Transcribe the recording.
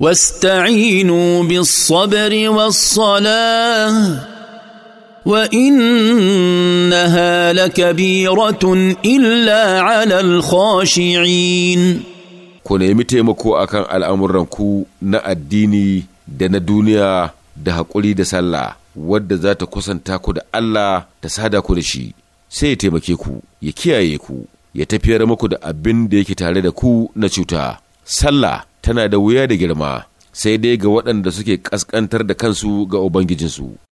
واستعينوا بالصبر والصلاه وانها لكبيره الا على الخاشعين ku nemi taimako akan ku na addini da na duniya da haƙuri da sallah wadda za ta kusanta ku da Allah ta sada ku da shi sai ya taimake ku ya kiyaye ku ya tafiyar muku da abin da yake tare da ku na cuta sallah tana da wuya da girma sai dai ga waɗanda suke ƙasƙantar da kansu ga Ubangijinsu.